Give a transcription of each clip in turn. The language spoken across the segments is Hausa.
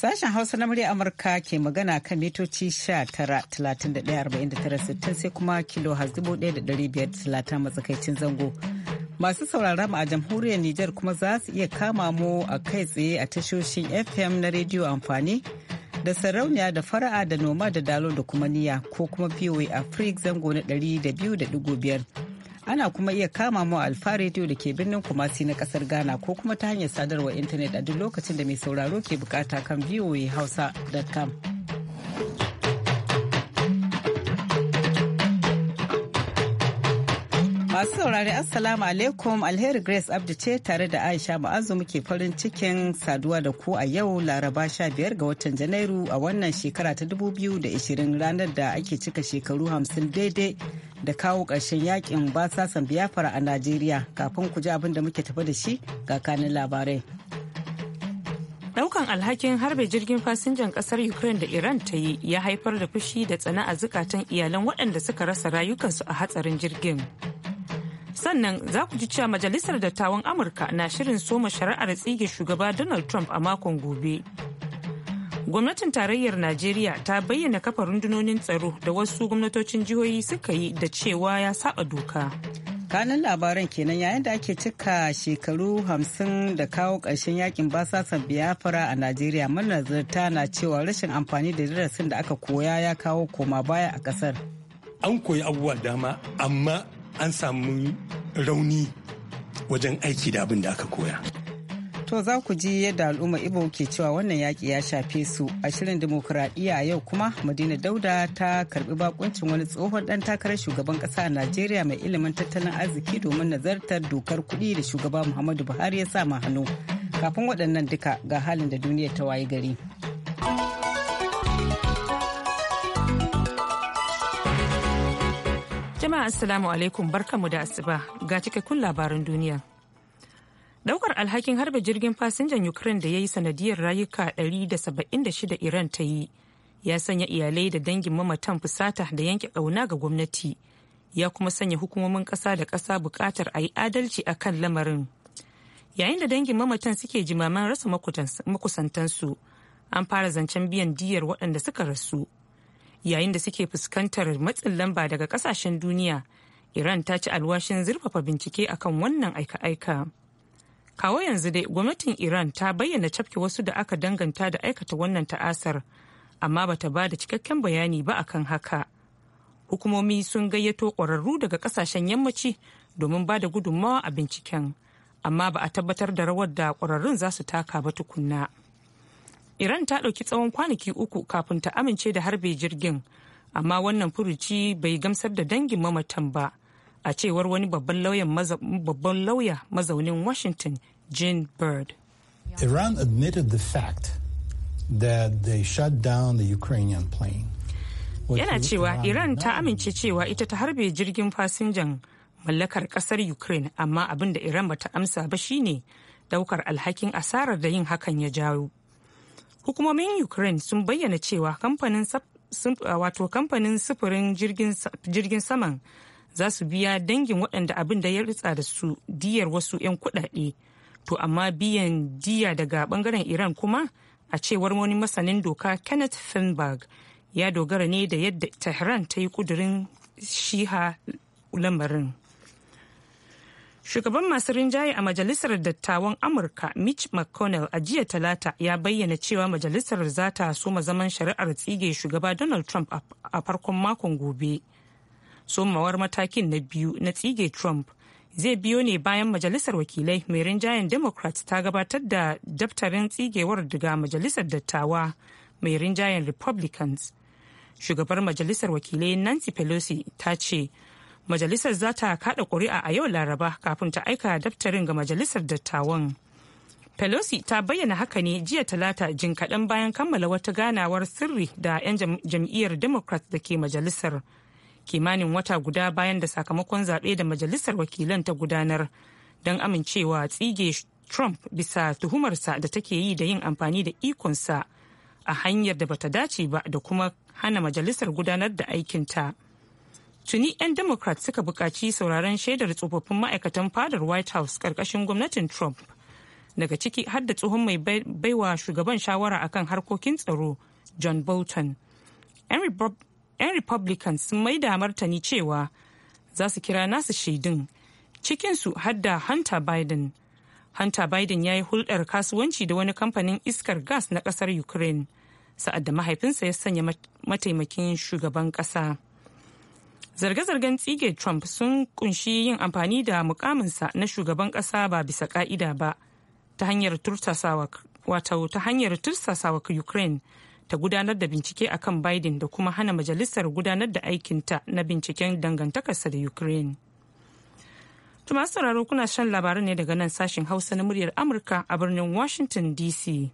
Sashen Hausa na murya Amurka ke magana kan mitoci 19,31,49,60 sai kuma kilo talatin matsakaicin zango. Masu saurara mu a jamhuriyar Nijar kuma za su iya kama mu a kai tsaye a tashoshin FM na rediyo amfani da sarauniya da fara'a da noma da dalo da kuma niya ko kuma VOA Africa zango na 200.5 ana kuma iya kama mu alfa radio da ke birnin kumasi na kasar ghana ko kuma ta hanyar sadarwar intanet a duk lokacin da mai sauraro ke bukata kan voa hausa.com Masu saurari Assalamu alaikum Alheri Grace Abdu ce tare da Aisha Ma'azu muke farin cikin saduwa da ku a yau Laraba 15 ga watan Janairu a wannan shekara ta 2020 ranar da ake cika shekaru hamsin daidai da kawo karshen yakin basasan biyafara a Najeriya kafin ku ji abin da muke tafi da shi ga kanin labarai. daukan alhakin harbe jirgin fasinjan kasar ukraine da iran ta yi ya haifar da fushi da tsana a zukatan iyalan waɗanda suka rasa rayukansu a hatsarin jirgin sannan za ku ji cewa majalisar dattawan amurka na shirin soma shari'ar tsige shugaba donald trump a makon gobe gwamnatin tarayyar najeriya ta bayyana kafa rundunonin tsaro da wasu gwamnatocin jihohi suka yi da cewa ya saba doka kanan labaran kenan yayin da ake cika shekaru hamsin da kawo ƙarshen yakin basasan biyafara a najeriya manazarta na cewa rashin amfani da darasin da aka koya ya kawo koma baya a ƙasar an koyi abubuwa dama amma an samu rauni wajen aiki da abin da aka koya. To za ku ji yadda al'umma Ibo ke cewa wannan yaƙi ya shafe su a shirin demokuraɗiyya yau kuma Madina Dauda ta karɓi bakuncin wani tsohon ɗan takarar shugaban ƙasa a Najeriya mai ilimin tattalin arziki domin nazartar dokar kuɗi da shugaba Muhammadu Buhari ya sa ma hannu. Kafin waɗannan duka ga halin da duniya ta wayi gari. Assalamu alaikum barkamu da asuba ga cikakkun labaran duniya. Daukar alhakin harbe jirgin fasinjan Ukraine da ya yi sanadiyar rayuka 176 Iran ta yi ya sanya iyalai da dangin mamatan fusata da yanke ƙauna ga gwamnati ya kuma sanya hukumomin ƙasa da ƙasa buƙatar a yi adalci a kan lamarin. Yayin da dangin mamatan suke jimaman rasa makusantansu an fara zancen biyan diyar waɗanda suka rasu. yayin da suke fuskantar matsin lamba daga kasashen duniya iran ta ci alwashin zurfafa bincike akan wannan aika-aika kawo yanzu dai gwamnatin iran ta bayyana cafke wasu da aka danganta da aikata wannan ta'asar amma ba ta ba da cikakken bayani ba akan haka hukumomi sun gayyato ƙwararru daga kasashen yammaci domin ba da gudunmawa a binciken amma ba a tabbatar da rawar da ƙwararrun za su taka ba tukunna. iran ta ɗauki tsawon kwanaki uku kafin ta amince da harbe jirgin amma wannan furuci bai gamsar da dangin mamatan ba a cewar wani babban lauya mazaunin washington Jean bird iran admitted the fact that they shut down the ukrainian plane yana cewa iran ta amince cewa ita ta harbe jirgin fasinjan mallakar kasar ukraine amma abin da iran bata amsa ba shine daukar alhakin asarar da yin hakan ya jawo hukumomin ukraine sun bayyana cewa kamfanin uh, wato kamfanin sufurin jirgin saman za su biya dangin waɗanda abin da ya ritsa da su diyar wasu 'yan kuɗaɗe to amma biyan diya daga ɓangaren iran kuma a cewar wani masanin doka kenneth finberg ya dogara ne da yadda tehran ta yi kudurin shiha lamarin shugaban masu rinjaye a majalisar dattawan amurka mitch mcconnell a jiya talata ya bayyana cewa majalisar za ta soma zaman shari'ar tsige shugaba donald trump a farkon makon gobe somawar matakin na biyu na tsige trump zai biyo ne bayan majalisar wakilai mai rinjayen democrats ta gabatar da daftarin tsigewar daga majalisar dattawa mai rinjayen republicans shugabar majalisar wakilai nancy pelosi ta ce majalisar za ta kada kuri'a a yau laraba kafin ta aika daftarin ga majalisar dattawan pelosi ta bayyana haka ne jiya talata jin kaɗan bayan kammala wata ganawar sirri da 'yan jam'iyyar democrat da ke majalisar kimanin wata guda bayan da sakamakon zaɓe da majalisar wakilan ta gudanar don amincewa tsige trump bisa tuhumarsa da take yi da yin amfani da ikonsa a hanyar da bata dace ba da kuma hana majalisar gudanar da aikinta. ta tuni 'yan democrat suka bukaci sauraron shaidar tsofaffin ma'aikatan fadar white house ƙarƙashin gwamnatin trump daga ciki har da tsohon mai baiwa shugaban shawara akan harkokin tsaro john bolton 'yan republicans sun mai da martani cewa za su kira nasu shaidun cikinsu har da hunter biden hunter biden ya yi hulɗar kasuwanci da wani kamfanin iskar gas na ƙasar ukraine sa'ad da mahaifinsa ya sanya mataimakin shugaban ƙasa. Zarge-zargen tsige Trump sun kunshi yin amfani da mukaminsa na shugaban ƙasa ba bisa ka'ida ba ta hanyar tursasawa wato ta hanyar tursasawa Ukraine ta gudanar da bincike akan Biden da kuma hana majalisar gudanar da aikinta na binciken dangantakarsa da Ukraine. Tuma sauraro kuna shan labarai ne daga nan sashen Hausa na muryar Amurka a birnin Washington DC.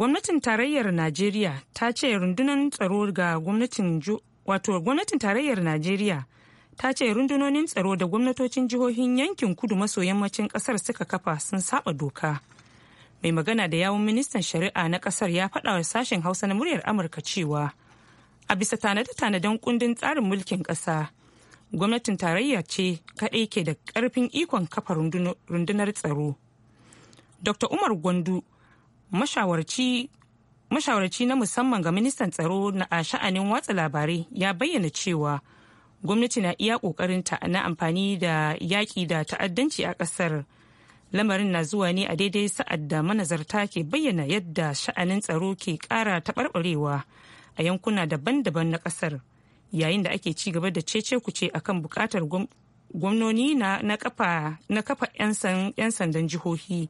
gwamnatin tarayyar najeriya ta ce rundunar tsaro ga gwamnatin wato gwamnatin tarayyar najeriya ta ce rundunonin tsaro da gwamnatocin jihohin yankin kudu maso yammacin kasar suka kafa sun saba doka mai magana da yawun ministan shari'a na kasar ya faɗa wa sashen hausa na muryar amurka cewa a bisa tanade-tanaden kundin tsarin mulkin ƙasa gwamnatin tarayya ce kaɗai ke da ƙarfin ikon kafa rundunar tsaro dr umar gwandu mashawarci mashawarci na musamman ga ministan tsaro na a sha'anin watsa labarai ya bayyana cewa gwamnati na iya kokarinta na amfani da yaƙi da ta'addanci a ƙasar lamarin na zuwa ne a daidai sa'ad da manazarta ke bayyana yadda sha'anin tsaro ke ƙara taɓarɓarewa a yankuna daban-daban na ƙasar yayin da ake ci gaba da cece kuce akan buƙatar gwamnoni na kafa 'yan sandan jihohi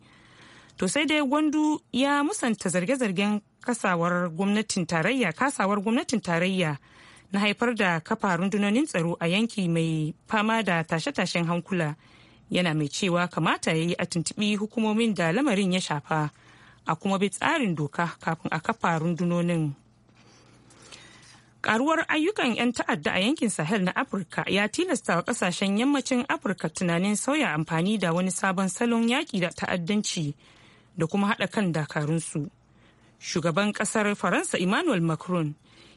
to sai dai gwandu ya musanta zarge-zargen kasawar gwamnatin tarayya kasawar gwamnatin tarayya na haifar da kafa rundunonin tsaro a yanki mai fama da tashe-tashen hankula yana mai cewa kamata ya yi a tuntuɓi hukumomin da lamarin ya shafa a kuma bi tsarin doka kafin a kafa rundunonin karuwar ayyukan 'yan ta'adda a yankin sahel na afirka ya tilasta wa kasashen yammacin afirka tunanin sauya amfani da wani sabon salon yaƙi da ta'addanci da kuma haɗa kan dakarunsu shugaban ƙasar faransa emmanuel macron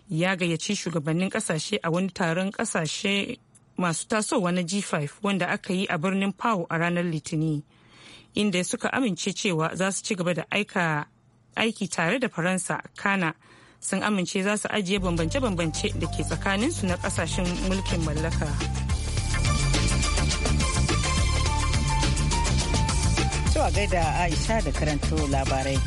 ya gayyaci shugabannin ƙasashe a wani taron ƙasashe masu tasowa na g5 wanda aka yi a birnin pau a ranar litini inda suka amince cewa za su ci gaba da aika aiki tare da faransa kana sun amince za su ajiye bambance-bambance da ke tsakaninsu na ƙasashen mulkin mallaka. a gaida Aisha da karanto labarai.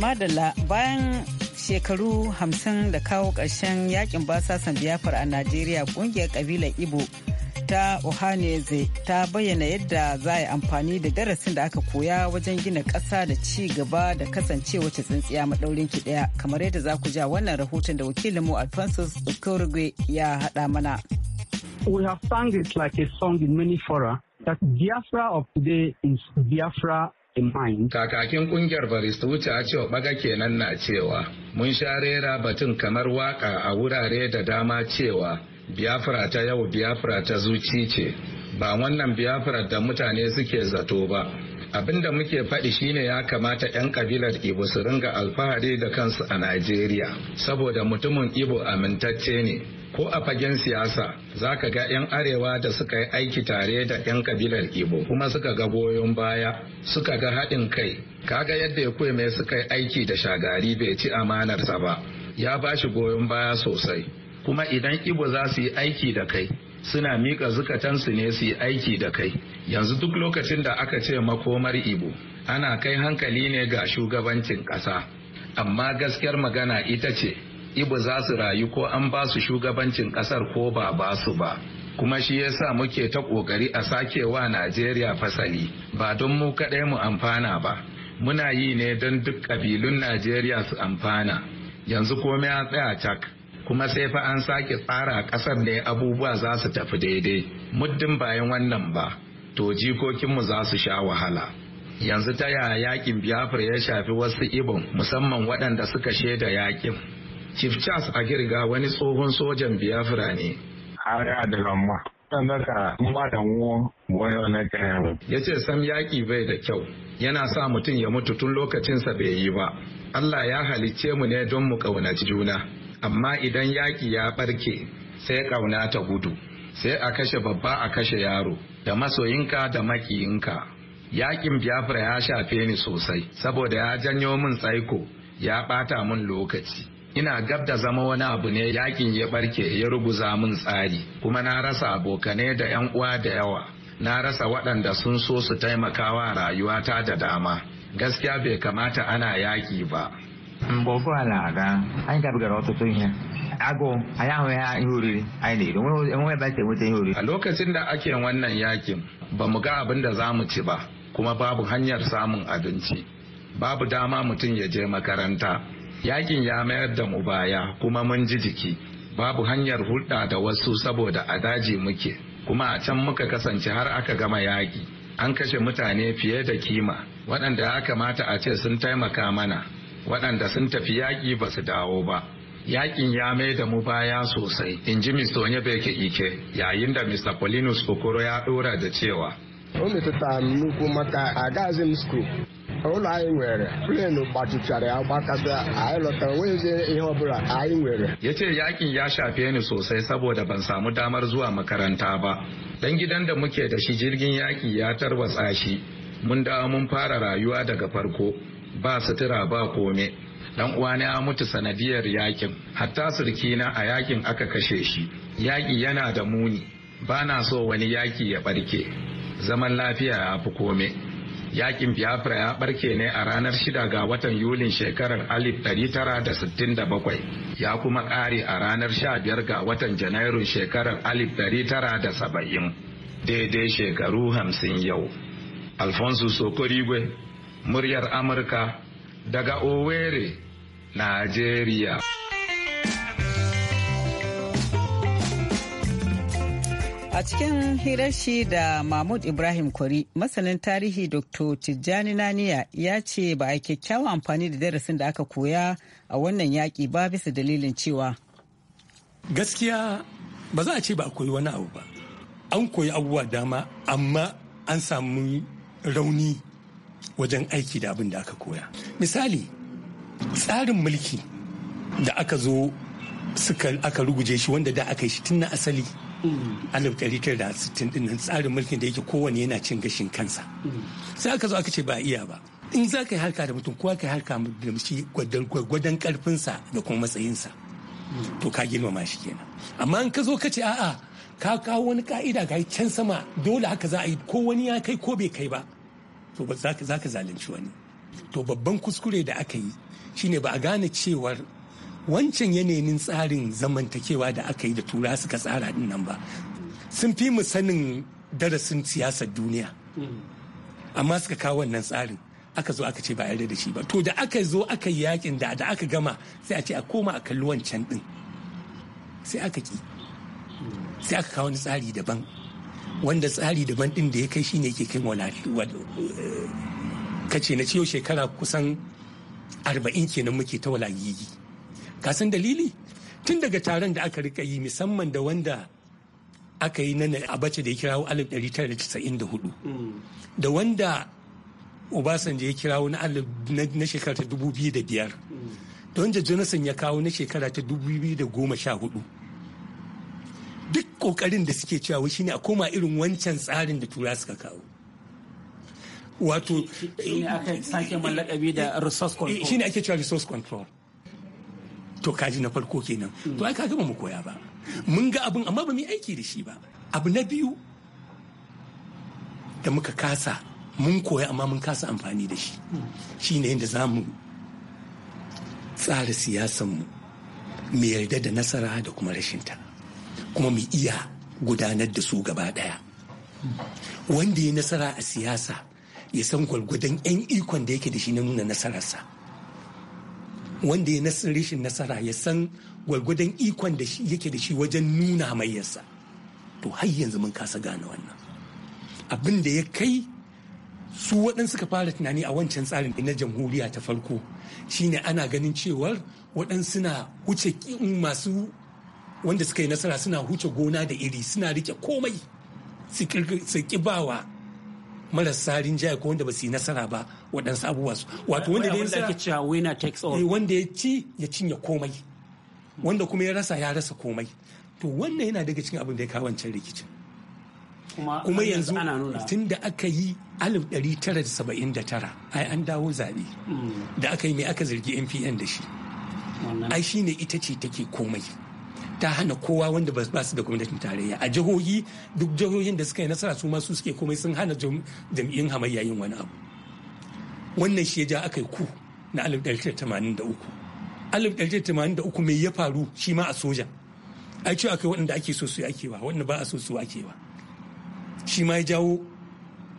Madalla bayan shekaru hamsin da kawo ƙarshen yakin basasan biyafar a Najeriya ƙungiyar ƙabilar Ibo ta Ohaneze ta bayyana yadda za a yi amfani da darasin da aka koya wajen gina ƙasa da ci gaba da kasance wacce tsintsiya maɗaurin ki ɗaya kamar yadda za ku ja wannan rahoton da wakilinmu Alphonsus Okorogwe ya haɗa mana. We have sung it like a song in many fora that Biafra of today is Biafra Kakakin kungiyar barista wuce a cewa baga kenan na cewa mun sha rera batun kamar waka a wurare da dama cewa biyafra ta yau biyafra ta zuci ce ba wannan biyafra da mutane suke zato ba abinda muke faɗi shine ya kamata 'yan kabilar ibo su ringa alfahari da kansu a najeriya saboda mutumin ibo amintacce ne ko a fagen siyasa za ka ga 'yan arewa da suka yi aiki tare da 'yan kabilar ibo kuma suka ga goyon baya suka ga haɗin kai kaga yadda ya mai suka yi aiki da shagari bai ci amanarsa ba ya ba shi goyon baya sosai kuma idan ibo za su yi aiki da kai suna miƙa zukatansu ne su yi aiki da kai yanzu duk lokacin da aka ce makomar ibo ana kai hankali ne ga shugabancin ƙasa amma gaskiyar magana ita ce ibo za su rayu ko an ba su shugabancin ƙasar ko ba ba su ba kuma shi ya sa muke ta ƙoƙari a sakewa najeriya fasali ba don mu kaɗai mu amfana ba muna yi ne don duk ƙabilun najeriya su amfana yanzu komai ya tsaya cak kuma sai fa an sake tsara ƙasar ya abubuwa za su tafi daidai muddin bayan wannan ba to jikokinmu za su sha wahala yanzu ta yaya yakin biafra ya shafi wasu ibon musamman waɗanda suka shaida yakin chief charles girga wani tsohon sojan biafra ne ya ce sam yaƙi bai da kyau yana sa mutum ya mutu tun lokacinsa bai yi ba allah ya halicce mu ne don mu ƙaunaci juna amma idan yaƙi ya ɓarke sai ƙauna ta gudu sai a kashe babba a kashe yaro da masoyinka da makiyinka yaƙin biafra ya shafe ni sosai saboda ya janyo min tsaiko ya ɓata min lokaci ina gab da zama wani abu ne yaƙin ya ɓarke ya ruguza min tsari kuma na rasa abokanai da 'yan uwa da yawa na rasa waɗanda sun so su taimakawa rayuwata da dama gaskiya bai kamata ana yaƙi ba ala aga anyị gabigara ọtụtụ ihe anyị ya ihe oriri anyị na-eri ebe anyị ihe oriri a lokacin da ake wannan yakin ba mu ga abin da za mu ci ba kuma babu hanyar samun abinci babu dama mutum ya je makaranta yakin ya mayar da mu baya kuma mun ji jiki babu hanyar hulɗa da wasu saboda a daji muke kuma a can muka kasance har aka gama yaƙi an kashe mutane fiye da kima waɗanda ya kamata a ce sun taimaka mana waɗanda sun tafi yaƙi ba su dawo ba yaƙin ya mai da mu baya sosai in ji mr onyebeke ike yayin da mr polinus okoro ya ɗora da cewa nnukwu maka m ụlọ anyị nwere plenu ya anyị lọtara nweghịzi ihe anyị nwere ya ce yakin ya shafe ni sosai saboda ban samu damar zuwa makaranta ba dan gidan da muke da shi jirgin yaƙi ya tarwatsa shi mun dawo mun fara rayuwa daga farko ba sutura ba kome dan uwana ya mutu sanadiyar yakin hatta na a yakin aka kashe shi yaki yana da muni ba na so wani yaki ya barke zaman lafiya ya fi kome yakin biafra ya barke ne a ranar shida ga watan yulin shekarar 1967 ya kuma kare a ranar sha biyar ga watan janairun shekarar 1970 daidai shekaru hamsin yau alfonso sokorigwe muryar Amurka daga Owerri, Najeriya. A cikin hirar shi da Mahmud Ibrahim Kwari, masanin tarihi Dr. Tijjani Naniya ya ce ba a kyakkyawan amfani da darasin da aka koya a wannan yaƙi ba bisa dalilin cewa. Gaskiya ba za a ce ba a koyi wani abu ba. An koyi abubuwa dama amma an samu rauni wajen aiki da abin da aka koya misali tsarin mulki da aka zo suka aka ruguje shi wanda da aka yi shi tun na asali alif ɗari da sittin ɗin tsarin mulkin da yake kowane yana cin gashin kansa sai aka zo aka ce ba iya ba in za ka yi harka da mutum kowa ka yi harka da shi gwadon karfinsa da kuma matsayinsa to ka girmama shi kenan amma in ka zo ka ce a'a ka kawo wani ka'ida ga can sama dole haka za a yi ko wani ya kai ko bai kai ba to ba za ka zalunci wani to babban kuskure da aka yi shine ba a gane cewar wancan yanayin tsarin zamantakewa da aka yi da tura suka tsara din nan ba sun fi mu sanin darasin siyasar duniya amma suka kawo wannan tsarin aka zo aka ce ba yarda da shi ba to da aka zo aka yi yakin da da aka gama sai a ce a koma a kalli wancan din sai aka ki sai aka kawo wani tsari daban wanda tsari daban din da ya kai shine ke kai Ka ce na ciyo shekara kusan arba'in kenan muke ta walagigi kasan dalili tun daga taron da aka rika yi musamman da wanda aka yi nan bace da ya kirawo 1994 da wanda obasanjo ya kirawo na shekara ta 2005 da wanda jonathan ya kawo na shekara ta hudu. duk kokarin da suke cewa shine a koma irin wancan tsarin da tura suka kawo wato shine aka sake mallakabi da resource control eh, shine ake cewa resource control to kaji na farko kenan hmm. to ai kaga ba mu koya ba mun ga abin amma ba mu aiki da shi ba abu na biyu da muka kasa mun koya amma mun kasa amfani da shi hmm. shine yadda za mu tsara siyasanmu mu yarda da nasara da kuma rashinta. ta kuma mu iya gudanar da su gaba ɗaya wanda ya nasara a siyasa ya san gwalgwadon 'yan ikon da yake da shi na nuna nasararsa wanda ya rashin nasara ya san gwalgwadon ikon da yake da shi wajen nuna hamayyarsa to har yanzu mun kasa gane wannan abin da ya kai su waɗansu suka fara tunani a wancan tsarin na jamhuriya ta farko shine ana ganin cewar waɗansu na wuce masu wanda suka yi nasara suna huce gona da iri suna rike komai su kibawa marasa rinjaye ko wanda ba su yi nasara ba waɗansu abubuwa su wato wanda ya nasara winner takes all eh, wanda ya ci ya cinye komai wanda kuma ya rasa ya rasa komai to wannan yana daga cikin abin da ya kawo wancan rikicin kuma yanzu tun da aka yi 1979 ai an dawo zaɓe hmm. da aka yi mai aka zargi npn da shi ai shine ita ce take komai ta hana kowa wanda ba su da gwamnatin tarayya a jihohi duk jihohin da suka yi nasara su ma su suke komai sun hana jam'iyyun hamayya yin wani abu wannan shi ya ja aka yi ku na 1983 1983 mai ya faru shi ma a soja ai cewa akwai waɗanda ake so su ake ba waɗanda ba a so su ake ba shi ma ya jawo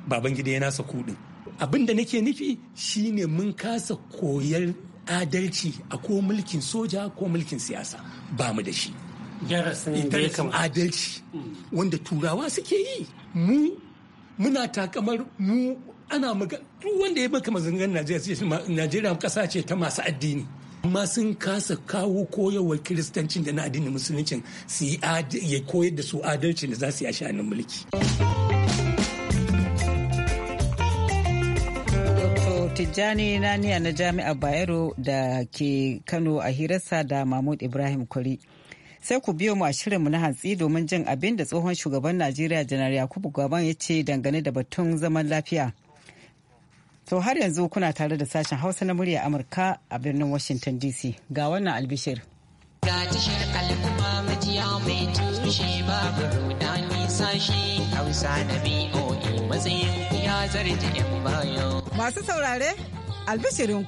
baban gida ya nasa kuɗin abin da nake nufi shine mun kasa koyar adalci a ko mulkin soja ko mulkin siyasa ba mu da shi darasin adalci mm. wanda turawa suke yi mu muna takamar mu ana maga duk wanda ya maka mazangan Najeriya Najeriya kasa ce ta masu addini amma sun kasa kawo koyarwar kiristancin da na addinin musulunci su ya koyar da su adalci da za su yi a sha'anin mulki. Tijjani Naniya na Jami'ar Bayero da ke Kano a hirarsa da Mahmud Ibrahim Kwari. sai ku biyo mu a shirinmu na hantsi domin jin abin da tsohon shugaban najeriya janar yakubu gaban ya ce dangane da batun zaman lafiya to har yanzu kuna tare da sashen hausa na murya amurka a birnin washington dc ga wannan albishir ga tashar mai babu e, masu saurare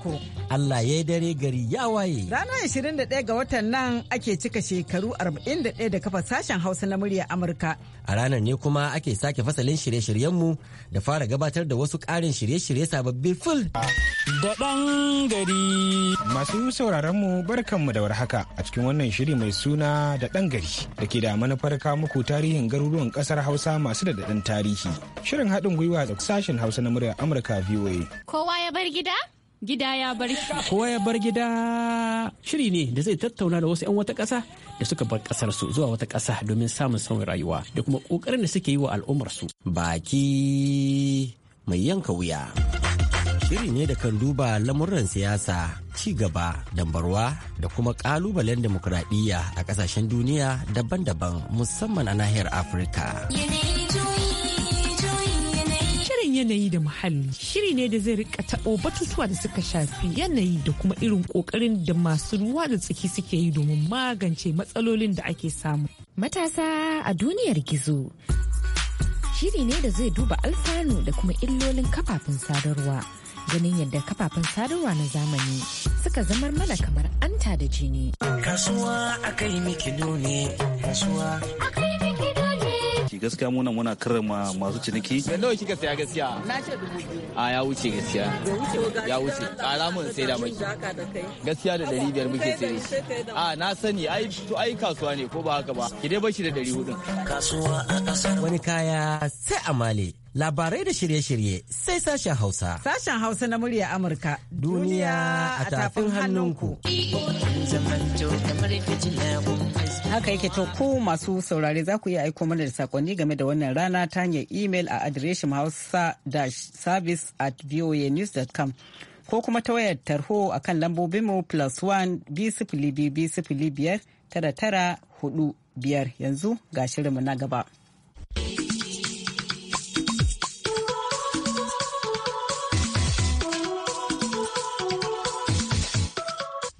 ku. Allah ya dare gari ya waye. Ranar 21 ga watan nan ake cika shekaru 41 da kafa sashen Hausa na murya Amurka. A ranar ne kuma ake sake fasalin shirye-shiryenmu da fara gabatar da wasu ƙarin shirye-shirye sababbin fil. Da ɗan gari. Masu sauraron mu barkanmu da warhaka a cikin wannan shiri mai suna da ɗan gari da ke da manufar kawo muku tarihin garuruwan ƙasar Hausa masu da daɗin tarihi. Shirin haɗin gwiwa da sashen Hausa na murya Amurka VOA. Kowa ya bar gida? gida ya bar kowa ya bar gida shiri ne da zai tattauna da wasu 'yan wata ƙasa da suka bar ƙasar su zuwa wata ƙasa domin samun sauyin rayuwa da kuma ƙoƙarin da suke yi wa al'ummar su baki mai yanka wuya shiri ne da kan duba lamuran siyasa ci gaba da barwa da kuma kalubalen demokuraɗiyya a ƙasashen duniya daban-daban musamman a nahiyar afirka. yanayi da muhalli shiri ne da zai rika taɓo batutuwa da suka shafi yanayi da kuma irin ƙoƙarin da masu ruwa da tsaki suke yi domin magance matsalolin da ake samu. Matasa a duniyar gizo. Shiri ne da zai duba alfanu da kuma illolin kafafen sadarwa. Ganin yadda kafafen sadarwa na zamani suka zamar mana kamar anta da jini. Kasuwa yi miki ne, kasuwa gaskiya muna muna karrama masu ciniki da nawa kika saya gaskiya na ce dubu biyu a ah, ya wuce gaskiya ya wuce ƙara mun sai da maki gaskiya da ɗari biyar muke sai a ah, na sani ai to ai kasuwa ne ko ba haka ba ki dai bashi da ɗari hudu kasuwa a kasar wani kaya sai a male labarai da shirye-shirye sai sashen Hausa. Sashen Hausa na murya Amurka. Duniya a tafin hannunku. Haka yake to ku masu saurare za ku iya aiko mana da sakonni game da wannan rana ta hanyar email a adireshin hausa-service at voanews.com. ko kuma ta wayar tarho a kan lambobinmu plus one bi sifili bi sifili biyar tara tara hudu biyar yanzu ga shirinmu na gaba.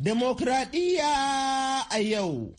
Demokradiyya a yau.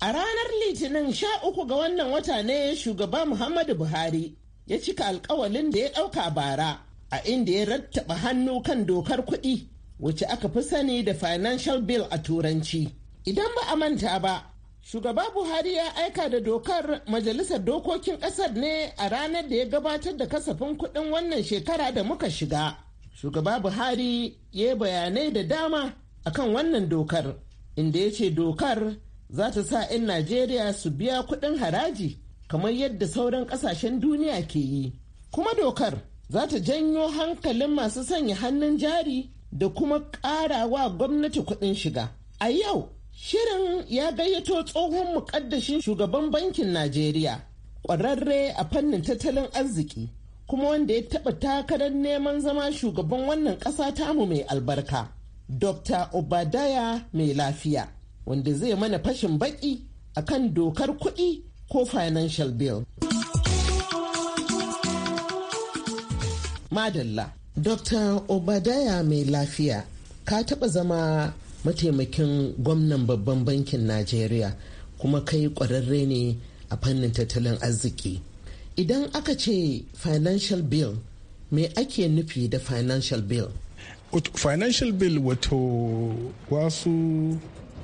A ranar Litinin sha uku ga wannan wata ne shugaba Muhammadu Buhari ya cika alkawalin da ya ɗauka bara a inda ya rattaba hannu kan dokar kuɗi wacce aka fi sani da financial bill a turanci. Idan ba a manta ba, Shugaba Buhari ya aika da dokar Majalisar Dokokin Ƙasar ne a ranar da ya gabatar da kasafin kuɗin wannan shekara da muka shiga. Shugaba Buhari ya bayanai da dama akan wannan dokar, inda ya ce dokar za ta sa 'yan Najeriya su biya kuɗin haraji kamar yadda sauran ƙasashen duniya ke yi. Kuma dokar za ta janyo hankalin masu sanya hannun jari da kuma wa gwamnati kuɗin shiga. A yau Shirin ya gayyato tsohon mukaddashin shugaban bankin Najeriya, ƙwararre a fannin tattalin arziki, kuma wanda ya taɓa takarar neman zama shugaban wannan ƙasa tamu mai albarka, Dr. Obadaya mai lafiya, wanda zai mana fashin baƙi kan dokar kuɗi ko financial bill. Madalla, Dr. Obadaya mai lafiya, ka taɓa zama mataimakin gwamnan babban bankin najeriya kuma kai kwararre ne a fannin tattalin arziki idan aka ce financial bill me ake nufi da financial bill financial bill wato wasu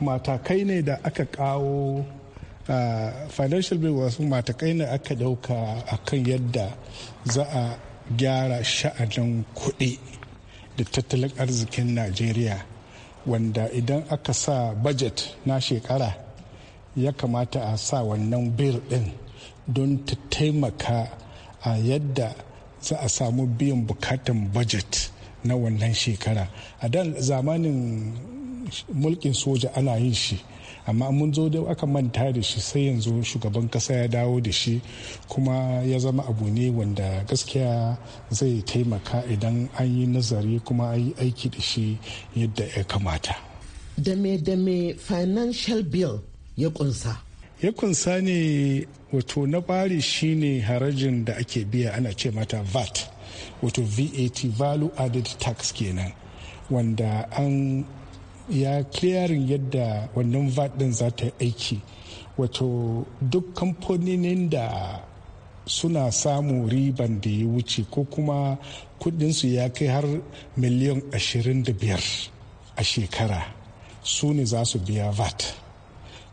matakai ne da aka kawo uh, financial bill wasu matakai ne aka dauka akan yadda za a gyara sha'anin kuɗi da tattalin arzikin najeriya wanda idan aka sa budget na shekara ya kamata a sa wannan bil din don ta taimaka a yadda za a samu biyan bukatan budget na wannan shekara a dan zamanin mulkin soja ana yin shi amma mun zo da aka manta da shi sai yanzu shugaban kasa ya dawo da shi kuma ya zama abu ne wanda gaskiya zai taimaka idan an yi nazari kuma an yi aiki da shi yadda ya kamata dame-dame financial bill ya kunsa ya kunsa ne wato na bari shine harajin da ake biya ana ce mata vat wato vat value added tax kenan wanda an ya kliyarin yadda wannan vat din za ta aiki wato duk kamfaninin da suna samu riban da ya wuce ko kuma kudinsu ya kai har miliyan 25 a shekara su ne za su biya vat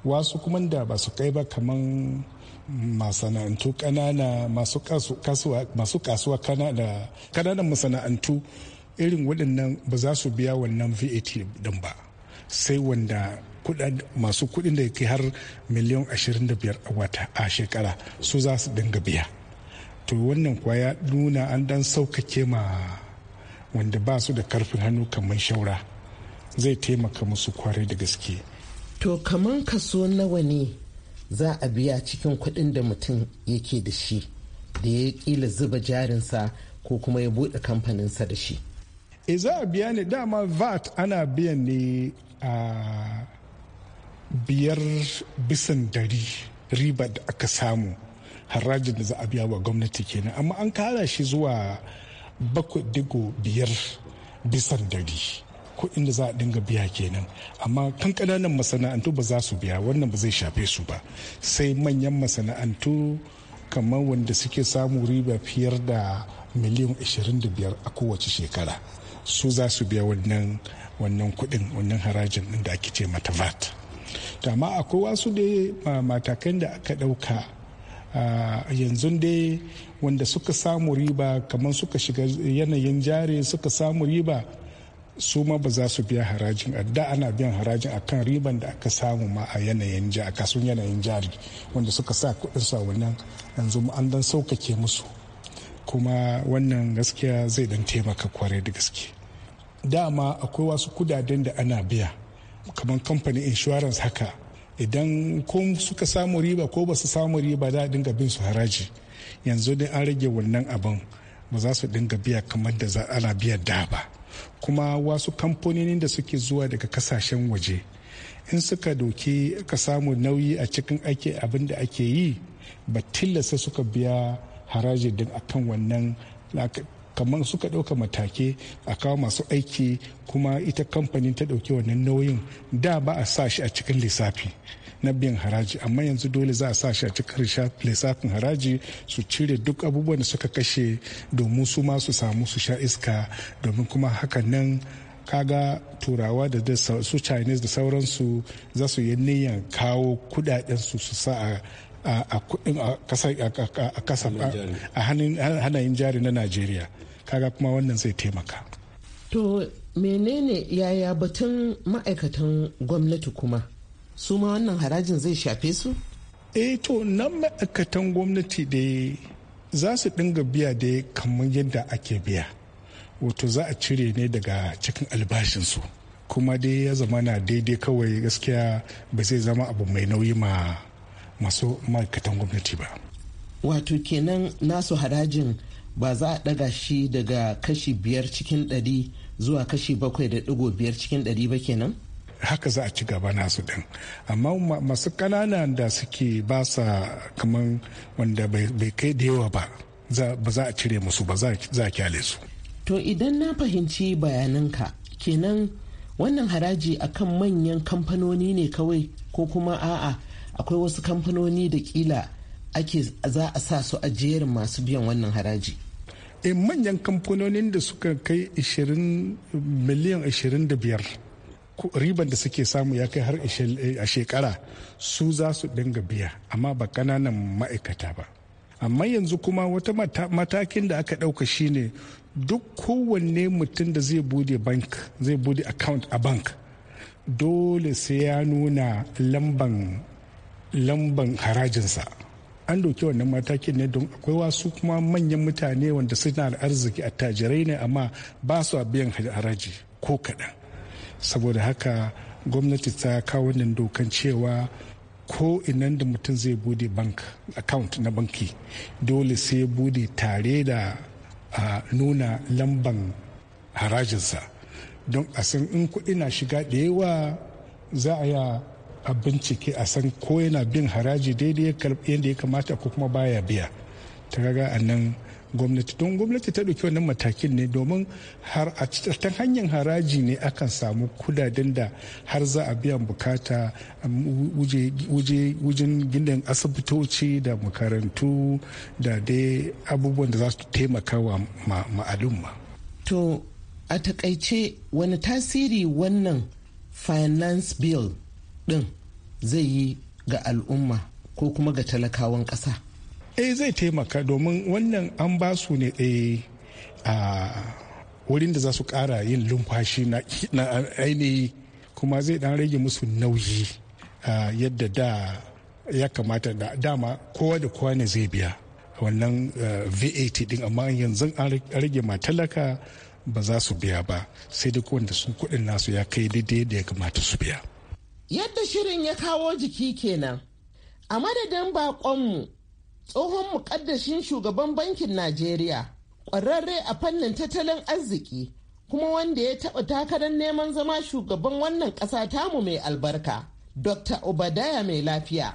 wasu kuma da ba su kai ba kaman masana'antu kanana masu kasuwa kanana masana'antu irin waɗannan ba za su biya wannan vat din ba sai wanda masu kudin da ke har miliyan 25 a wata a shekara su za su dinga biya to wannan kuwa ya nuna an dan saukake ma wanda ba su da karfin hannu kamar shaura zai taimaka musu kwarai da gaske to kamar kaso nawa ne za a biya cikin kudin da mutum yake da shi da ya kila zuba jarinsa ko kuma ya buɗe kamfaninsa da shi e za a biya ne dama vat ana biyan ne a biyar bisan dari riba da aka samu harajin da za a biya wa gwamnati kenan amma an kara shi zuwa bakwai digo biyar bisan dari ko inda za a dinga biya kenan amma kan kananan masana'antu ba za su biya wannan ba zai shafe su ba sai manyan masana'antu kamar wanda suke samu riba fiyar da miliyan 25 a kowace shekara su za su biya wannan wannan kuɗin wannan harajin da ake ce mata vat amma akwai wasu da matakan da aka ɗauka yanzu dai wanda suka samu riba kamar suka shiga yanayin jari suka samu riba su ma ba za su biya harajin da ana biyan harajin akan riban da aka samu ma a yanayin a kasun yanayin jari wanda suka sa kuɗin sa wannan yanzu an dan saukake musu kuma wannan gaskiya zai dan taimaka kwarai da gaske dama akwai wasu kudaden da ana biya kamar kamfanin insurance haka idan ko suka samu riba ko basu samu riba za a dinga bin su haraji yanzu dai an rage wannan abin ba za su dinga biya kamar da ana biya da ba kuma wasu kamfanonin da suke zuwa daga kasashen waje in suka doki ka samu nauyi a cikin ake abin da ake yi ba tilasta suka biya haraji din akan wannan kamar suka ɗauka matake a kawo masu aiki kuma ita kamfanin ta ɗauki wannan nauyin da ba a sa shi a cikin lissafi na biyan haraji amma yanzu dole za a sa shi a cikin lissafin haraji su cire duk abubuwan da suka kashe domin su ma su samu su sha iska domin kuma haka nan kaga turawa da su chinese da sauransu za su yi niyan kawo kudaden su su sa a a jari na najeriya kaga kuma wannan zai taimaka to menene yaya batun ma'aikatan gwamnati kuma su ma wannan harajin zai shafe su eh to nan ma'aikatan gwamnati da za su dinga biya da kamar yadda ake biya wato za a cire ne daga cikin albashinsu kuma dai ya zama na daidai kawai gaskiya ba zai zama abu mai nauyi ma masu ma'aikatan gwamnati ba wato kenan nasu harajin ba za a ɗaga shi daga kashi biyar cikin ɗari zuwa kashi bakwai da ɗigo biyar cikin ɗari ba kenan haka za a ci gaba nasu ɗin amma masu ƙanana da suke ba sa kamar wanda bai kai da yawa ba ba za a cire musu ba za a kyale su to idan na fahimci bayananka kenan wannan haraji akan manyan kamfanoni ne kawai ko kuma a'a akwai wasu kamfanoni da kila ake za a sa su a jerin masu biyan wannan haraji e manyan kamfanonin da suka kai 20 miliyan 25 riban da suke samu ya kai har eh, a shekara su za su dinga biya amma ba kananan ma'aikata ba amma yanzu kuma wata matakin da aka ɗauka shine duk kowanne mutum da zai bude bank zai bude account a bank dole sai ya nuna lamban lamban harajinsa an doki wannan matakin ne don akwai wasu kuma manyan mutane wanda suna da arziki a tajirai ne amma ba su biyan haraji ko kaɗan saboda haka gwamnati ta kawo nan dokan cewa ko inan da mutum zai bude bank account na banki dole sai ya bude tare da nuna lamban harajinsa don a san in kuɗi na shiga da yawa za a a bincike a san ko yana bin haraji daidai yadda ya kamata ko kuma baya biya ta gaga a nan gwamnati don gwamnati ta ɗauki wannan matakin ne domin har a ta hanyar haraji ne akan samu kudaden da har za a biyan bukata um, wujin gindin asibitoci da makarantu da dai abubuwan da za su taimaka wa ma'alumma. to a takaice wani tasiri wannan finance bill din zai yi ga al'umma ko kuma ga talakawan ƙasa? eh zai taimaka domin wannan an ba su ne eh, a wurin da za su ƙara yin lumfashi na ainihi kuma zai dan rage musu nauyi yadda da ya kamata da dama kowa da kowa ne zai biya wannan eh, vat din amma yanzu an rage ma talaka ba za su biya ba sai duk wanda sun kuɗin nasu ya kai daidai da ya kamata su biya Yadda shirin ya kawo jiki kenan. A madadin baƙonmu, tsohon muƙaddashin shugaban bankin Najeriya, ƙwararre a fannin tattalin arziki, kuma wanda ya taɓa takarar neman zama shugaban wannan ƙasa tamu mai albarka, Dr. Obadaya mai lafiya.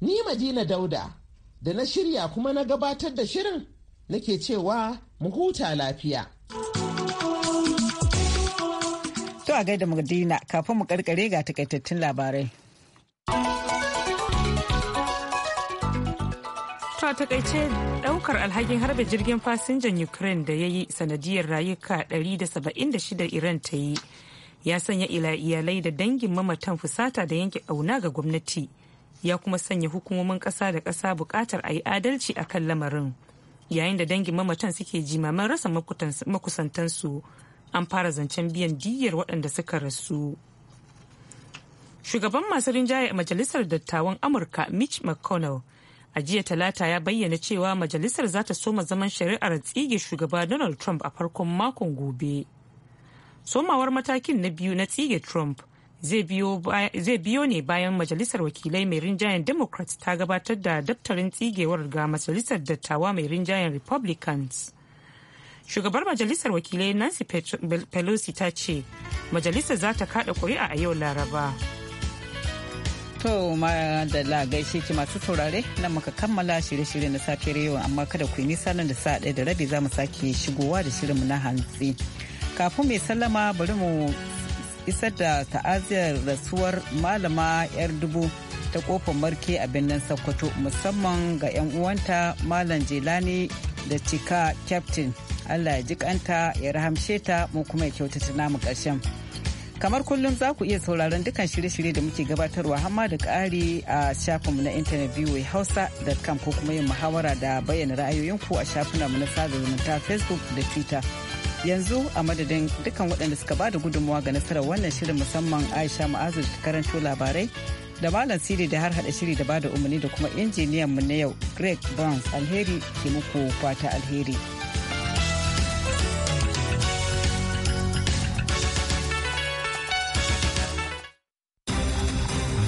Ni Madina Dauda, da na shirya kuma na gabatar da shirin, nake cewa mu huta lafiya. To a gaida Madina kafin mu karkare ga takaitattun labarai. ta takaice daukar alhakin harbe jirgin fasinjan Ukraine da ya yi sanadiyar rayuka 176 Iran ta yi ya sanya ila iyalai da dangin mamatan fusata da yanke auna ga gwamnati ya kuma sanya hukumomin kasa da kasa bukatar a yi adalci a kan lamarin yayin da dangin mamatan suke jimaman rasa makusantansu an fara zancen biyan diyyar waɗanda suka rasu shugaban masu rinjaye a majalisar dattawan amurka mitch mcconnell a jiya talata ya bayyana cewa majalisar za ta soma zaman shari'ar tsige shugaba donald trump a farkon makon gobe somawar matakin na biyu na tsige trump zai biyo ne bayan majalisar wakilai mai rinjayen democrats ta gabatar da daftarin tsigewar ga majalisar dattawa mai rinjayen republicans shugabar majalisar wakilai nancy pelosi ta ce majalisar za ta kada kuri'a a yau laraba To da gaishe ki masu saurare nan muka kammala shirye-shirye na safiyar yau amma kada ku yi nisa nan da sa ɗaya da rabi za mu sake shigowa da shirinmu na hantsi. Kafin mai sallama bari mu isar da ta'aziyar rasuwar malama 'yar dubu ta kofar marke a birnin Sokoto musamman ga 'yan uwanta Malam Jelani da Cika Captain Allah ya ji kanta ya rahamshe ta mu kuma ya kyautata namu ƙarshen. Kamar kullum za ku iya sauraron dukkan shirye-shirye da muke gabatarwa hamma da ƙari a shafinmu na intanet hausa.com ko kuma yin muhawara da bayyana ra'ayoyinku a shafinmu na sada zumunta Facebook da Twitter. yanzu a madadin dukkan waɗanda suka ba da gudunmawa ga nasarar wannan shirin musamman aisha ma'azu da karanto labarai da malam siri da har hada shiri da bada umarni da kuma injiniyan mu na yau greg burns alheri ke muku fata alheri.